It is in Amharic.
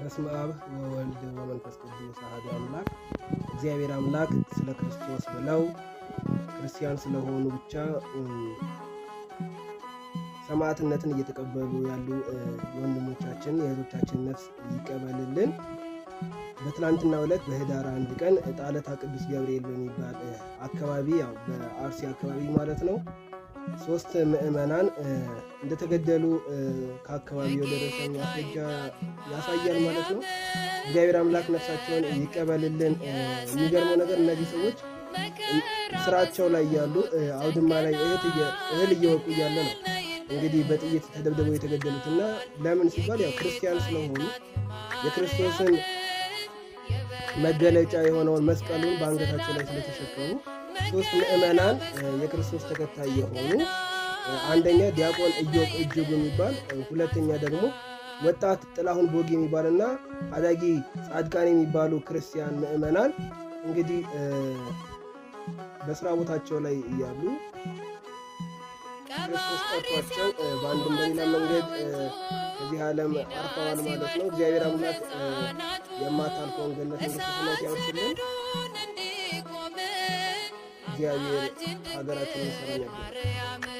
በስመ አብ ወወልድ ወመንፈስ ቅዱስ አሐዱ አምላክ። እግዚአብሔር አምላክ ስለ ክርስቶስ ብለው ክርስቲያን ስለሆኑ ብቻ ሰማዕትነትን እየተቀበሉ ያሉ የወንድሞቻችን የእህቶቻችን ነፍስ ይቀበልልን። በትናንትና ዕለት በህዳር አንድ ቀን ጣለታ ቅዱስ ገብርኤል በሚባል አካባቢ ያው በአርሲ አካባቢ ማለት ነው ሶስት ምዕመናን እንደተገደሉ ከአካባቢው የደረሰን ማስረጃ ያሳያል ማለት ነው። እግዚአብሔር አምላክ ነፍሳቸውን ይቀበልልን። የሚገርመው ነገር እነዚህ ሰዎች ስራቸው ላይ ያሉ አውድማ ላይ እህል እየወቁ እያለ ነው እንግዲህ በጥይት ተደብድበው የተገደሉት እና ለምን ሲባል ያው ክርስቲያን ስለሆኑ የክርስቶስን መገለጫ የሆነውን መስቀሉን በአንገታቸው ላይ ስለተሸከሙ ሶስት ምዕመናን የክርስቶስ ተከታይ የሆኑ አንደኛ ዲያቆን እዮቅ እጅጉ የሚባል ሁለተኛ ደግሞ ወጣት ጥላሁን ቦግ የሚባልና አዳጊ ጻድቃን የሚባሉ ክርስቲያን ምዕመናን እንግዲህ በስራ ቦታቸው ላይ እያሉ ክርስቶስ ጠርቷቸው በአንድ በሌላ መንገድ ከዚህ ዓለም አርፈዋል ማለት ነው። እግዚአብሔር አምላክ የማታልፈውን ገነት መንግሥተ ያውስልን። جاير هذا رقم سريع